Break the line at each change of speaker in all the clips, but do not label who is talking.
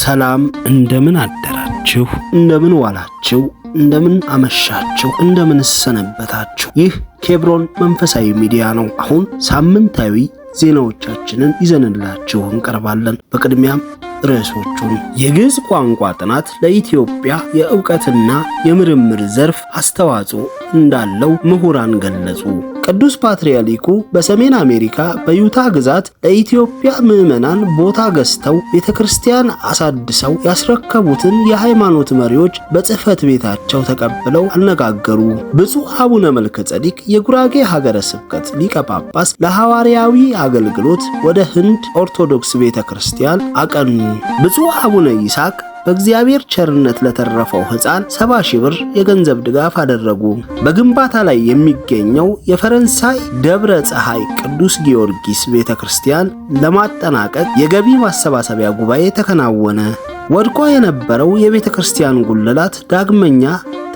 ሰላም እንደምን አደራችሁ፣
እንደምን ዋላችሁ፣ እንደምን አመሻችሁ፣ እንደምን ሰነበታችሁ። ይህ ኬብሮን መንፈሳዊ ሚዲያ ነው። አሁን ሳምንታዊ ዜናዎቻችንን ይዘንላችሁ እንቀርባለን። በቅድሚያም ርዕሶቹን የግዕዝ ቋንቋ ጥናት ለኢትዮጵያ የእውቀትና የምርምር ዘርፍ አስተዋጽኦ እንዳለው ምሁራን ገለጹ። ቅዱስ ፓትርያርኩ በሰሜን አሜሪካ በዩታ ግዛት ለኢትዮጵያ ምዕመናን ቦታ ገዝተው ቤተ ክርስቲያን አሳድሰው ያስረከቡትን የሃይማኖት መሪዎች በጽህፈት ቤታቸው ተቀብለው አነጋገሩ። ብፁዕ አቡነ መልከ ጸዲቅ የጉራጌ ሀገረ ስብከት ሊቀ ጳጳስ ለሐዋርያዊ አገልግሎት ወደ ህንድ ኦርቶዶክስ ቤተ ክርስቲያን አቀኑ። ብፁዕ አቡነ ይስሐቅ በእግዚአብሔር ቸርነት ለተረፈው ሕፃን 70 ሺህ ብር የገንዘብ ድጋፍ አደረጉ። በግንባታ ላይ የሚገኘው የፈረንሳይ ደብረ ፀሐይ ቅዱስ ጊዮርጊስ ቤተ ክርስቲያን ለማጠናቀቅ የገቢ ማሰባሰቢያ ጉባኤ ተከናወነ። ወድቆ የነበረው የቤተ ክርስቲያን ጉልላት ዳግመኛ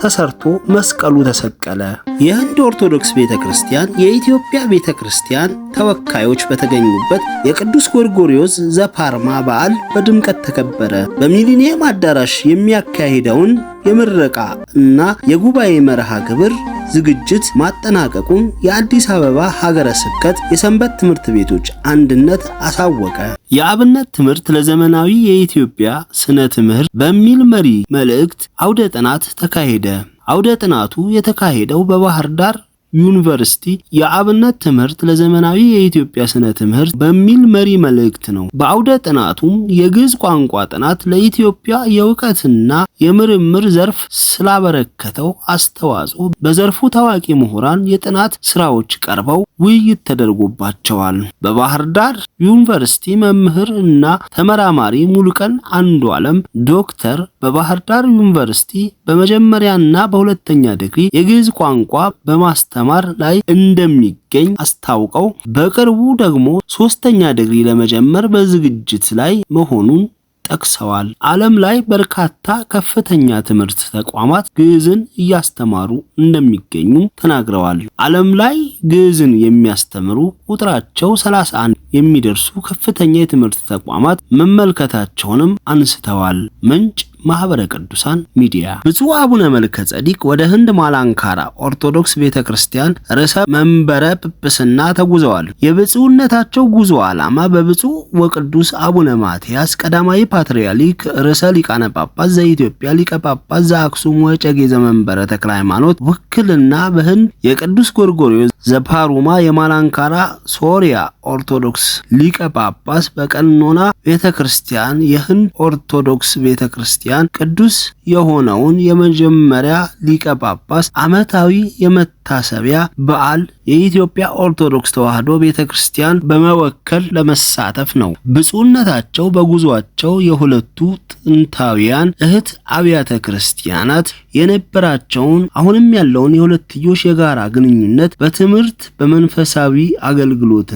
ተሰርቶ መስቀሉ ተሰቀለ። የህንድ ኦርቶዶክስ ቤተ ክርስቲያን የኢትዮጵያ ቤተ ክርስቲያን ተወካዮች በተገኙበት የቅዱስ ጎርጎሪዮስ ዘፓርማ በዓል በድምቀት ተከበረ። በሚሊኒየም አዳራሽ የሚያካሂደውን የምረቃ እና የጉባኤ መርሃ ግብር ዝግጅት ማጠናቀቁን የአዲስ አበባ ሀገረ ስብከት የሰንበት ትምህርት ቤቶች አንድነት አሳወቀ። የአብነት ትምህርት ለዘመናዊ የኢትዮጵያ ስነ ትምህርት በሚል መሪ መልእክት አውደ ጥናት ተካሄደ። አውደ ጥናቱ የተካሄደው በባህር ዳር ዩኒቨርሲቲ የአብነት ትምህርት ለዘመናዊ የኢትዮጵያ ስነ ትምህርት በሚል መሪ መልእክት ነው። በአውደ ጥናቱም የግዕዝ ቋንቋ ጥናት ለኢትዮጵያ የእውቀትና የምርምር ዘርፍ ስላበረከተው አስተዋጽኦ በዘርፉ ታዋቂ ምሁራን የጥናት ስራዎች ቀርበው ውይይት ተደርጎባቸዋል። በባህር ዳር ዩኒቨርሲቲ መምህር እና ተመራማሪ ሙሉቀን አንዱ ዓለም ዶክተር በባህር ዳር ዩኒቨርሲቲ በመጀመሪያና በሁለተኛ ዲግሪ የግዕዝ ቋንቋ በማስተ በማስተማር ላይ እንደሚገኝ አስታውቀው በቅርቡ ደግሞ ሶስተኛ ዲግሪ ለመጀመር በዝግጅት ላይ መሆኑን ጠቅሰዋል። ዓለም ላይ በርካታ ከፍተኛ ትምህርት ተቋማት ግዕዝን እያስተማሩ እንደሚገኙ ተናግረዋል። ዓለም ላይ ግዕዝን የሚያስተምሩ ቁጥራቸው 31 የሚደርሱ ከፍተኛ የትምህርት ተቋማት መመልከታቸውንም አንስተዋል። ምንጭ ማህበረ ቅዱሳን ሚዲያ። ብፁዕ አቡነ መልከ ጸዲቅ ወደ ህንድ ማላንካራ ኦርቶዶክስ ቤተ ክርስቲያን ርዕሰ መንበረ ጵጵስና ተጉዘዋል። የብፁዕነታቸው ጉዞ ዓላማ በብፁዕ ወቅዱስ አቡነ ማትያስ ቀዳማዊ ፓትርያርክ ርዕሰ ሊቃነ ጳጳስ ዘኢትዮጵያ ሊቀ ጳጳስ ዘአክሱም ወጨጌ ዘመንበረ ተክለ ሃይማኖት ውክልና በህንድ የቅዱስ ጎርጎሪዮስ ዘፓሩማ የማላንካራ ሶሪያ ኦርቶዶክስ ሊቀ ጳጳስ በቀኖና ቤተ ክርስቲያን የህንድ ኦርቶዶክስ ቤተ ክርስቲያን ክርስቲያን ቅዱስ የሆነውን የመጀመሪያ ሊቀ ጳጳስ ዓመታዊ የመታሰቢያ በዓል የኢትዮጵያ ኦርቶዶክስ ተዋሕዶ ቤተ ክርስቲያን በመወከል ለመሳተፍ ነው። ብፁዕነታቸው በጉዟቸው የሁለቱ ጥንታውያን እህት አብያተ ክርስቲያናት የነበራቸውን አሁንም ያለውን የሁለትዮሽ የጋራ ግንኙነት በትምህርት በመንፈሳዊ አገልግሎትና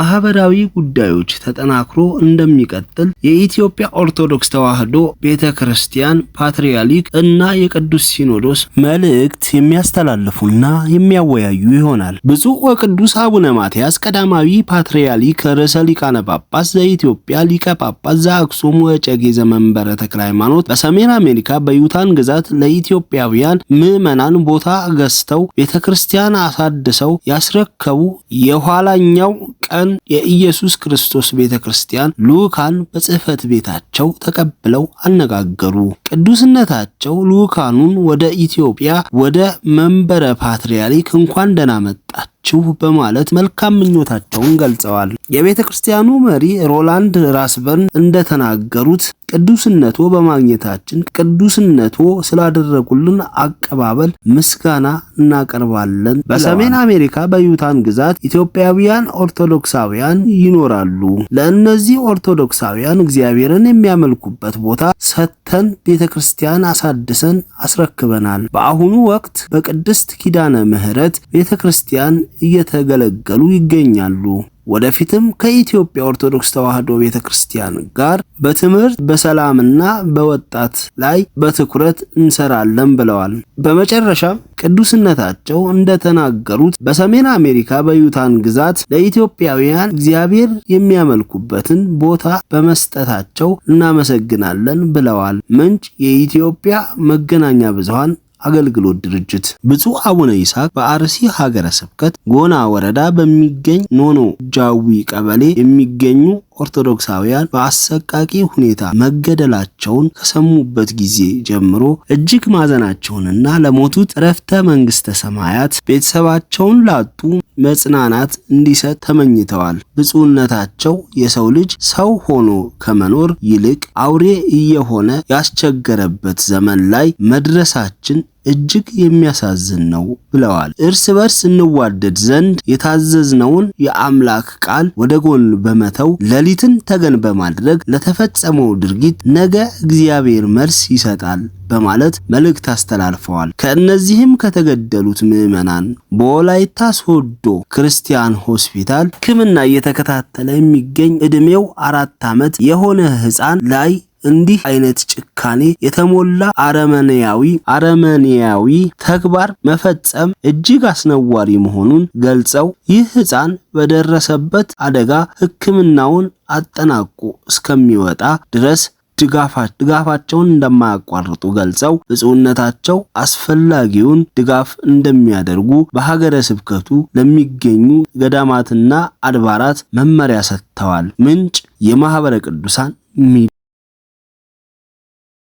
ማህበራዊ ጉዳዮች ተጠናክሮ እንደሚቀጥል የኢትዮጵያ ኦርቶዶክስ ተዋሕዶ ቤተ ክርስቲያን ፓትሪ የኮሪያ እና የቅዱስ ሲኖዶስ መልእክት የሚያስተላልፉና የሚያወያዩ ይሆናል። ብፁዕ ወቅዱስ አቡነ ማትያስ ቀዳማዊ ፓትርያርክ ርዕሰ ሊቃነ ጳጳስ ዘኢትዮጵያ ሊቀ ጳጳስ ዘአክሱም ወጨጌ ዘመንበረ ተክለ ሃይማኖት በሰሜን አሜሪካ በዩታን ግዛት ለኢትዮጵያውያን ምዕመናን ቦታ ገዝተው ቤተ ክርስቲያን አሳድሰው ያስረከቡ የኋላኛው ቀን የኢየሱስ ክርስቶስ ቤተ ክርስቲያን ልዑካን በጽህፈት ቤታቸው ተቀብለው አነጋገሩ። ቅዱስነታቸው ልዑካኑን ወደ ኢትዮጵያ ወደ መንበረ ፓትርያርክ እንኳን ደህና መጣችሁ በማለት መልካም ምኞታቸውን ገልጸዋል። የቤተ ክርስቲያኑ መሪ ሮላንድ ራስበርን እንደተናገሩት ቅዱስነቶ በማግኘታችን ቅዱስነቶ ስላደረጉልን አቀባበል ምስጋና እናቀርባለን። በሰሜን አሜሪካ በዩታን ግዛት ኢትዮጵያውያን ኦርቶዶክሳውያን ይኖራሉ። ለእነዚህ ኦርቶዶክሳውያን እግዚአብሔርን የሚያመልኩበት ቦታ ሰጥተን ቤተ ክርስቲያን አሳድሰን አስረክበናል። በአሁኑ ወቅት በቅድስት ኪዳነ ምሕረት ቤተ ክርስቲያን እየተገለገሉ ይገኛሉ። ወደፊትም ከኢትዮጵያ ኦርቶዶክስ ተዋሕዶ ቤተ ክርስቲያን ጋር በትምህርት በሰላምና በወጣት ላይ በትኩረት እንሰራለን ብለዋል። በመጨረሻ ቅዱስነታቸው እንደተናገሩት በሰሜን አሜሪካ በዩታን ግዛት ለኢትዮጵያውያን እግዚአብሔር የሚያመልኩበትን ቦታ በመስጠታቸው እናመሰግናለን ብለዋል። ምንጭ የኢትዮጵያ መገናኛ ብዙሃን አገልግሎት ድርጅት ብፁዕ አቡነ ይስሐቅ በአርሲ ሀገረ ስብከት ጎና ወረዳ በሚገኝ ኖኖ ጃዊ ቀበሌ የሚገኙ ኦርቶዶክሳውያን በአሰቃቂ ሁኔታ መገደላቸውን ከሰሙበት ጊዜ ጀምሮ እጅግ ማዘናቸውንና ለሞቱት እረፍተ መንግስተ ሰማያት ቤተሰባቸውን ላጡ መጽናናት እንዲሰጥ ተመኝተዋል። ብፁዕነታቸው የሰው ልጅ ሰው ሆኖ ከመኖር ይልቅ አውሬ እየሆነ ያስቸገረበት ዘመን ላይ መድረሳችን እጅግ የሚያሳዝን ነው ብለዋል። እርስ በርስ እንዋደድ ዘንድ የታዘዝነውን የአምላክ ቃል ወደ ጎን በመተው ሌሊትን ተገን በማድረግ ለተፈጸመው ድርጊት ነገ እግዚአብሔር መልስ ይሰጣል በማለት መልእክት አስተላልፈዋል። ከእነዚህም ከተገደሉት ምዕመናን በወላይታ ሶዶ ክርስቲያን ሆስፒታል ሕክምና እየተከታተለ የሚገኝ ዕድሜው አራት ዓመት የሆነ ሕፃን ላይ እንዲህ አይነት ጭካኔ የተሞላ አረመኔያዊ አረመኔያዊ ተግባር መፈጸም እጅግ አስነዋሪ መሆኑን ገልጸው ይህ ሕፃን በደረሰበት አደጋ ሕክምናውን አጠናቆ እስከሚወጣ ድረስ ድጋፋቸውን እንደማያቋርጡ ገልጸው ብፁዕነታቸው አስፈላጊውን ድጋፍ እንደሚያደርጉ በሀገረ ስብከቱ ለሚገኙ ገዳማትና አድባራት መመሪያ ሰጥተዋል። ምንጭ የማኅበረ ቅዱሳን